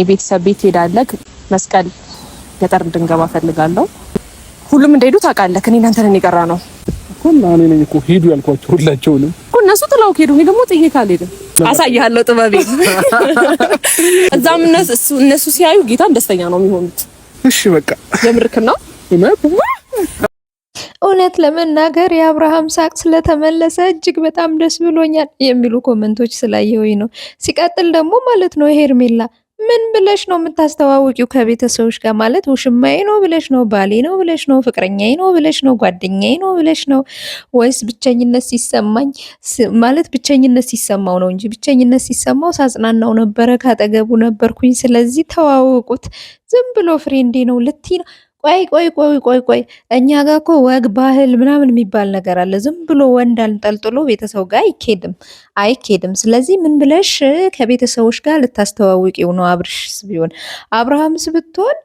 የቤተሰብ ቤት ሄዳለህ። መስቀል ገጠር እንድንገባ ፈልጋለሁ። ሁሉም እንደሄዱ ታውቃለህ። እኔ እናንተ ነን የቀራ ነው ሁላ እኔ ነኝ እኮ ሄዱ ያልኳቸው ሁላቸውንም እኮ እነሱ ጥላው ሄዱ። እኔ ደግሞ ጥዬ ካልሄድም አሳያለሁ ጥበቤ። እዛም እነሱ ሲያዩ ጌታን ደስተኛ ነው የሚሆኑት። እሺ በቃ የምርክ ነው። እውነት ለመናገር የአብርሃም ሳቅ ስለተመለሰ እጅግ በጣም ደስ ብሎኛል የሚሉ ኮመንቶች ስላየሁኝ ነው። ሲቀጥል ደግሞ ማለት ነው ሄርሜላ ምን ብለሽ ነው የምታስተዋውቂው ከቤተሰቦች ጋር? ማለት ውሽማዬ ነው ብለሽ ነው፣ ባሌ ነው ብለሽ ነው፣ ፍቅረኛዬ ነው ብለሽ ነው፣ ጓደኛዬ ነው ብለሽ ነው ወይስ ብቸኝነት ሲሰማኝ ማለት ብቸኝነት ሲሰማው ነው እንጂ ብቸኝነት ሲሰማው ሳጽናናው ነበረ፣ ካጠገቡ ነበርኩኝ። ስለዚህ ተዋውቁት፣ ዝም ብሎ ፍሬንዴ ነው ልቲ ነው። ቆይ ቆይ ቆይ ቆይ ቆይ እኛ ጋር እኮ ወግ ባህል ምናምን የሚባል ነገር አለ። ዝም ብሎ ወንድ አንጠልጥሎ ቤተሰው ጋር አይኬድም አይኬድም። ስለዚህ ምን ብለሽ ከቤተሰቦች ጋር ልታስተዋውቂው ነው? አብርሽስ ቢሆን አብርሃምስ ብትሆን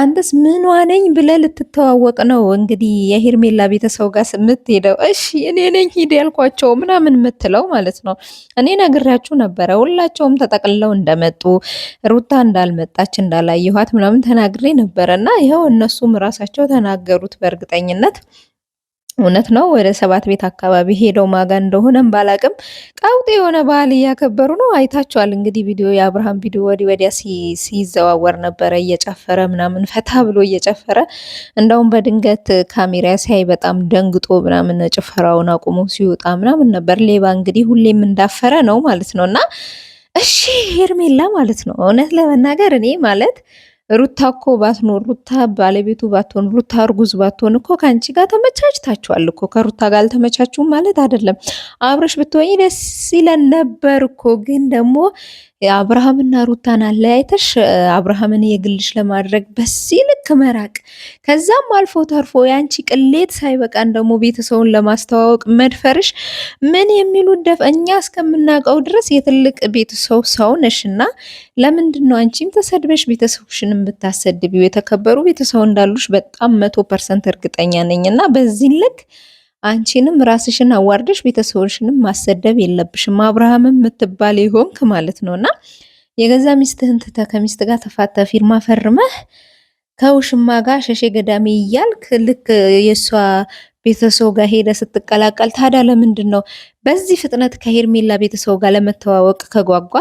አንተስ ምኗ ነኝ ብለህ ልትተዋወቅ ነው እንግዲህ የሄርሜላ ቤተሰው ጋር የምትሄደው? እሺ እኔ ነኝ ሂድ ያልኳቸው ምናምን የምትለው ማለት ነው። እኔ ነግራችሁ ነበረ። ሁላቸውም ተጠቅልለው እንደመጡ ሩታ እንዳልመጣች እንዳላየኋት ምናምን ተናግሬ ነበረ እና ይኸው እነሱም ራሳቸው ተናገሩት በእርግጠኝነት እውነት ነው። ወደ ሰባት ቤት አካባቢ ሄደው ማጋ እንደሆነም ባላቅም ቀውጤ የሆነ ባህል እያከበሩ ነው። አይታችኋል እንግዲህ ቪዲዮ የአብርሃም ቪዲዮ ወዲህ ወዲያ ሲዘዋወር ነበረ፣ እየጨፈረ ምናምን ፈታ ብሎ እየጨፈረ እንደውም በድንገት ካሜራ ሲያይ በጣም ደንግጦ ምናምን ጭፈራውን አቁሞ ሲወጣ ምናምን ነበር። ሌባ እንግዲህ ሁሌም እንዳፈረ ነው ማለት ነው። እና እሺ ሄርሜላ ማለት ነው እውነት ለመናገር እኔ ማለት ሩታ እኮ ባትኖር ሩታ ባለቤቱ ባትሆን ሩታ እርጉዝ ባትሆን እኮ ከአንቺ ጋር ተመቻችታችኋል እኮ። ከሩታ ጋር አልተመቻችሁም ማለት አይደለም። አብረሽ ብትሆኝ ደስ ይለን ነበር እኮ ግን ደግሞ አብርሃምና ሩታን አለያይተሽ አብርሃምን የግልሽ ለማድረግ በዚህ ልክ መራቅ፣ ከዛም አልፎ ተርፎ የአንቺ ቅሌት ሳይበቃን ደግሞ ቤተሰቡን ለማስተዋወቅ መድፈርሽ ምን የሚሉ ደፍ እኛ እስከምናውቀው ድረስ የትልቅ ቤተሰብ ሰው ነሽ እና ለምንድን ነው አንቺም ተሰድበሽ ቤተሰብሽን የምታሰድቢው? የተከበሩ ቤተሰብ እንዳሉሽ በጣም መቶ ፐርሰንት እርግጠኛ ነኝ እና በዚህ ልክ አንቺንም ራስሽን አዋርደሽ ቤተሰቦችንም ማሰደብ የለብሽም። አብርሃምም የምትባል ይሆንክ ማለት ነውና የገዛ ሚስትህን ትተህ ከሚስት ጋር ተፋተ ፊርማ ፈርመህ ከውሽማ ጋር ሸሼ ገዳሚ እያልክ ልክ የእሷ ቤተሰብ ጋር ሄደ ስትቀላቀል ታዲያ ለምንድን ነው በዚህ ፍጥነት ከሄርሜላ ቤተሰብ ጋር ለመተዋወቅ ከጓጓ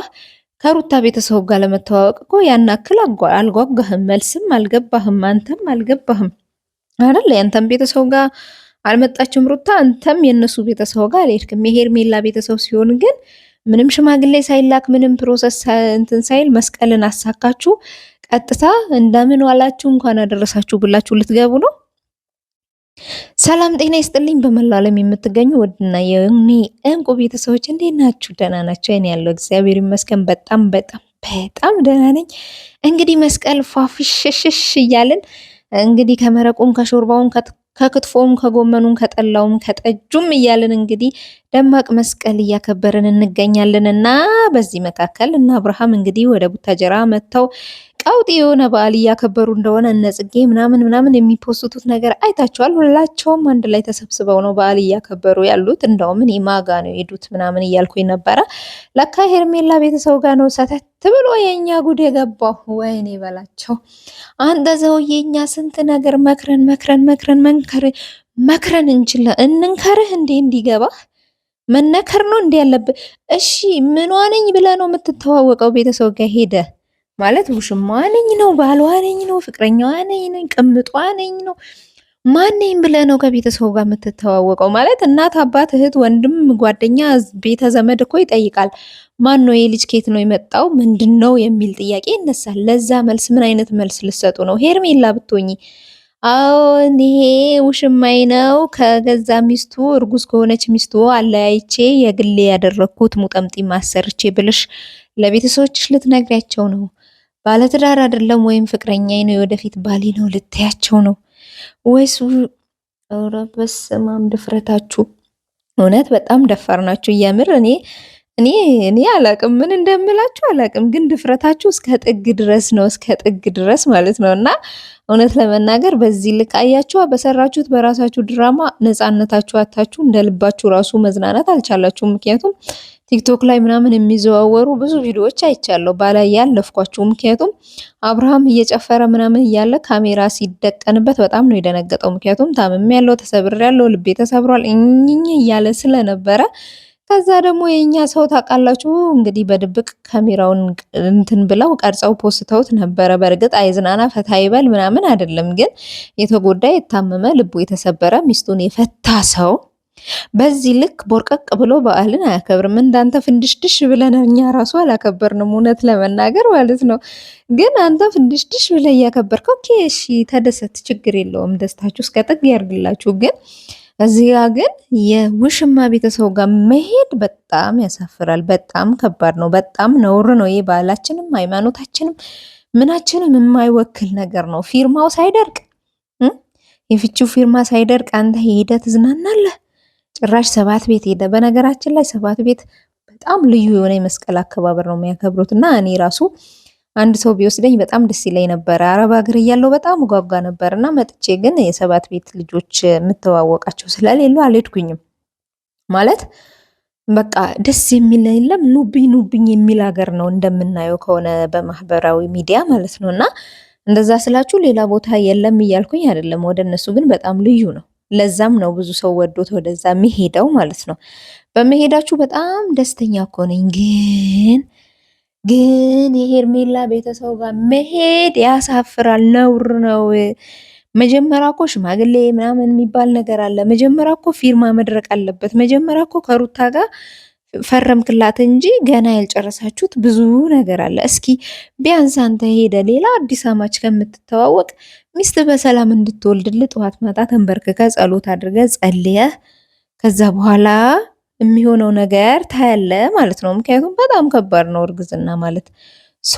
ከሩታ ቤተሰብ ጋር ለመተዋወቅ እኮ ያን አክል አልጓጓህም። መልስም አልገባህም። አንተም አልገባህም አይደል? ያንተም ቤተሰብ ጋር አልመጣችም ሩታ። አንተም የእነሱ ቤተሰብ ጋር አልሄድክም። የሄርሜላ ቤተሰብ ሲሆን ግን ምንም ሽማግሌ ሳይላክ ምንም ፕሮሰስ እንትን ሳይል መስቀልን አሳካችሁ ቀጥታ እንደምን ዋላችሁ እንኳን አደረሳችሁ ብላችሁ ልትገቡ ነው። ሰላም ጤና ይስጥልኝ። በመላው ዓለም የምትገኙ ወድና የኔ እንቁ ቤተሰቦች እንዴት ናችሁ? ደህና ናቸው። እኔ ያለው እግዚአብሔር ይመስገን በጣም በጣም በጣም ደህና ነኝ። እንግዲህ መስቀል ፏፍሽሽሽ እያልን እንግዲህ ከመረቁም ከሾርባውም ከክትፎም ከጎመኑም ከጠላውም ከጠጁም እያልን እንግዲህ ደማቅ መስቀል እያከበርን እንገኛለን እና በዚህ መካከል እና አብርሃም እንግዲህ ወደ ቡታጀራ መጥተው ቀውጥ የሆነ በዓል እያከበሩ እንደሆነ እነ ጽጌ ምናምን ምናምን የሚፖስቱት ነገር አይታችኋል። ሁላቸውም አንድ ላይ ተሰብስበው ነው በዓል እያከበሩ ያሉት። እንደውም እኔ ማጋ ነው የሄዱት ምናምን እያልኩኝ ነበረ። ለካ ሄርሜላ ቤተሰቡ ጋር ነው ሰተት ብሎ የእኛ ጉድ የገባው። ወይኔ በላቸው አንተ ሰውዬ፣ እኛ ስንት ነገር መክረን መክረን መክረን መንከር መክረን እንችላ እንንከርህ እንዴ እንዲገባ መነከር ነው እንዲ ያለብህ። እሺ ምኗነኝ ብለ ብለህ ነው የምትተዋወቀው? ቤተሰብ ጋር ሄደ ማለት ሙሽማ ነኝ ነው፣ ባሏ ነኝ ነው፣ ፍቅረኛዋ ነኝ ነው፣ ቅምጧ ነኝ ነው፣ ማነኝ ብለ ነው ከቤተሰቡ ጋር የምትተዋወቀው? ማለት እናት፣ አባት፣ እህት፣ ወንድም፣ ጓደኛ፣ ቤተ ዘመድ እኮ ይጠይቃል። ማን ነው የልጅ ኬት ነው የመጣው ምንድን ነው የሚል ጥያቄ ይነሳል። ለዛ መልስ ምን አይነት መልስ ልሰጡ ነው? ሄርሜላ ብትሆኚ አዎ ይሄ ውሽማይ ነው ከገዛ ሚስቱ እርጉዝ ከሆነች ሚስቱ አለያይቼ የግሌ ያደረግኩት ሙጠምጢ ማሰርቼ ብልሽ ለቤተሰቦችሽ ልትነግሪያቸው ነው። ባለትዳር አይደለም ወይም ፍቅረኛዬ ነው የወደፊት ባሌ ነው ልታያቸው ነው ወይስ? ኧረ በስመ አብ ድፍረታችሁ! እውነት በጣም ደፋር ናችሁ። እያምር እኔ እኔ እኔ አላቅም ምን እንደምላችሁ አላቅም፣ ግን ድፍረታችሁ እስከ ጥግ ድረስ ነው እስከ ጥግ ድረስ ማለት ነው። እና እውነት ለመናገር በዚህ ልክ አያችኋ፣ በሰራችሁት በራሳችሁ ድራማ ነፃነታችሁ አታችሁ እንደ ልባችሁ ራሱ መዝናናት አልቻላችሁም። ምክንያቱም ቲክቶክ ላይ ምናምን የሚዘዋወሩ ብዙ ቪዲዮዎች አይቻለሁ፣ ባላይ ያለፍኳቸው። ምክንያቱም አብርሃም እየጨፈረ ምናምን እያለ ካሜራ ሲደቀንበት በጣም ነው የደነገጠው። ምክንያቱም ታምም ያለው ተሰብር ያለው ልቤ ተሰብሯል እኝኝ እያለ ስለነበረ ከዛ ደግሞ የእኛ ሰው ታውቃላችሁ እንግዲህ በድብቅ ካሜራውን እንትን ብለው ቀርጸው ፖስተውት ነበረ። በእርግጥ አይዝናና ፈታ ይበል ምናምን አይደለም፣ ግን የተጎዳ የታመመ ልቡ የተሰበረ ሚስቱን የፈታ ሰው በዚህ ልክ ቦርቀቅ ብሎ በዓልን አያከብርም። እንዳንተ ፍንድሽድሽ ብለን እኛ ራሱ አላከበርንም፣ እውነት ለመናገር ማለት ነው። ግን አንተ ፍንድሽድሽ ብለ እያከበርከው፣ እሺ ተደሰት፣ ችግር የለውም። ደስታችሁ እስከ ጥግ ያርግላችሁ። ግን እዚያ ግን የውሽማ ቤተሰቡ ጋር መሄድ በጣም ያሳፍራል። በጣም ከባድ ነው። በጣም ነውር ነው። ይህ ባህላችንም ሃይማኖታችንም ምናችንም የማይወክል ነገር ነው። ፊርማው ሳይደርቅ የፍቺው ፊርማ ሳይደርቅ አንተ ሄደህ ትዝናናለህ። ጭራሽ ሰባት ቤት ሄደ። በነገራችን ላይ ሰባት ቤት በጣም ልዩ የሆነ የመስቀል አከባበር ነው የሚያከብሩት እና እኔ ራሱ አንድ ሰው ቢወስደኝ በጣም ደስ ይለኝ ነበረ። አረብ ሀገር እያለው በጣም እጓጓ ነበር እና መጥቼ ግን የሰባት ቤት ልጆች የምተዋወቃቸው ስለሌሉ አልሄድኩኝም። ማለት በቃ ደስ የሚል የለም ኑብኝ ኑብኝ የሚል ሀገር ነው እንደምናየው ከሆነ በማህበራዊ ሚዲያ ማለት ነው። እና እንደዛ ስላችሁ ሌላ ቦታ የለም እያልኩኝ አይደለም። ወደ እነሱ ግን በጣም ልዩ ነው። ለዛም ነው ብዙ ሰው ወዶት ወደዛ የሚሄደው ማለት ነው። በመሄዳችሁ በጣም ደስተኛ እኮ ነኝ። ግን ግን የሄርሜላ ቤተሰው ጋር መሄድ ያሳፍራል፣ ነውር ነው። መጀመሪያ እኮ ሽማግሌ ምናምን የሚባል ነገር አለ። መጀመሪያ እኮ ፊርማ መድረቅ አለበት። መጀመሪያ እኮ ከሩታ ጋር ፈረምክላት እንጂ ገና ያልጨረሳችሁት ብዙ ነገር አለ። እስኪ ቢያንስ አንተ ሄደ ሌላ አዲስ አማች ከምትተዋወቅ ሚስት በሰላም እንድትወልድል ጠዋት ማታ ተንበርክከ ጸሎት አድርገ ጸልየ ከዛ በኋላ የሚሆነው ነገር ታያለ ማለት ነው። ምክንያቱም በጣም ከባድ ነው እርግዝና ማለት ሶ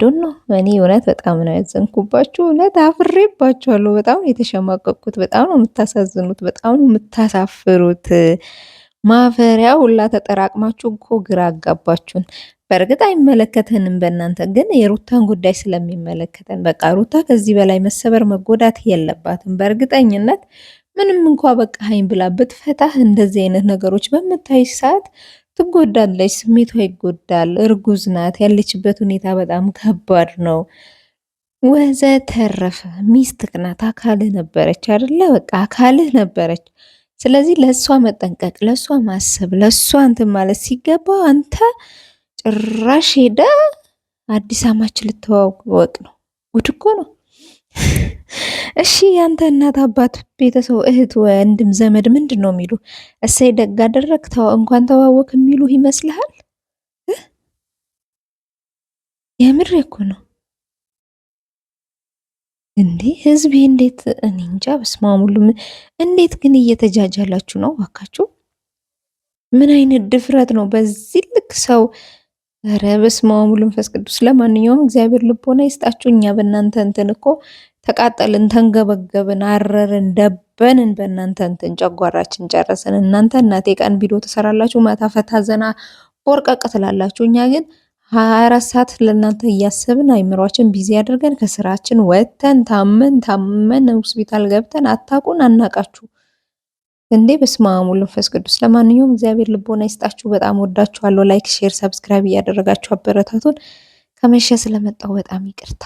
ዶንት ኖ እኔ እውነት በጣም ነው ያዘንኩባችሁ። እውነት አፍሬባችኋለሁ። በጣም የተሸማቀቅኩት። በጣም ነው የምታሳዝኑት። በጣም ነው የምታሳፍሩት። ማፈሪያ ሁላ ተጠራቅማችሁ እኮ ግራ አጋባችሁን። በእርግጥ አይመለከተንም፣ በእናንተ ግን የሩታን ጉዳይ ስለሚመለከተን በቃ ሩታ ከዚህ በላይ መሰበር መጎዳት የለባትም። በእርግጠኝነት ምንም እንኳ በቃ ሀይን ብላ ብትፈታህ እንደዚህ አይነት ነገሮች በምታይ ሰዓት ትጎዳለች፣ ስሜቷ ይጎዳል። እርጉዝ ናት፣ ያለችበት ሁኔታ በጣም ከባድ ነው ወዘተረፈ። ሚስትክ ናት፣ አካልህ ነበረች አይደለ? በቃ አካልህ ነበረች። ስለዚህ ለእሷ መጠንቀቅ፣ ለእሷ ማሰብ፣ ለእሷ እንትን ማለት ሲገባ አንተ ጭራሽ ሄደ አዲስ አማች ልትዋወቅ ነው። ጉድ እኮ ነው። እሺ ያንተ እናት አባት፣ ቤተሰብ፣ እህት፣ ወንድም፣ ዘመድ ምንድን ነው የሚሉ እሰይ ደግ አደረግ እንኳን ተዋወቅ የሚሉ ይመስልሃል? የምር እኮ ነው። እንዴ ህዝብ እንዴት እኔ እንጃ በስመ አብ እንዴት ግን እየተጃጃላችሁ ነው እባካችሁ ምን አይነት ድፍረት ነው በዚህ ልክ ሰው ኧረ በስመ አብ ቅዱስ ለማንኛውም እግዚአብሔር ልቦና ይስጣችሁ እኛ በእናንተ እንትን እኮ ተቃጠልን ተንገበገብን አረርን ደበንን በእናንተ እንትን ጨጓራችን ጨረስን እናንተ እናቴ ቀን ቢዶ ትሰራላችሁ ማታ ፈታ ዘና ቦርቀቅ ትላላችሁ እኛ ግን 24 ሰዓት ለእናንተ እያሰብን አይምሯችን ቢዚ አድርገን ከስራችን ወጥተን ታመን ታመን ሆስፒታል ገብተን አታቁን አናቃችሁ እንዴ! በስመ አብ ወወልድ ወመንፈስ ቅዱስ። ለማንኛውም እግዚአብሔር ልቦና ይስጣችሁ። በጣም ወዳችኋለሁ። ላይክ፣ ሼር፣ ሰብስክራይብ እያደረጋችሁ አበረታቱን። ከመሸ ስለመጣው በጣም ይቅርታ።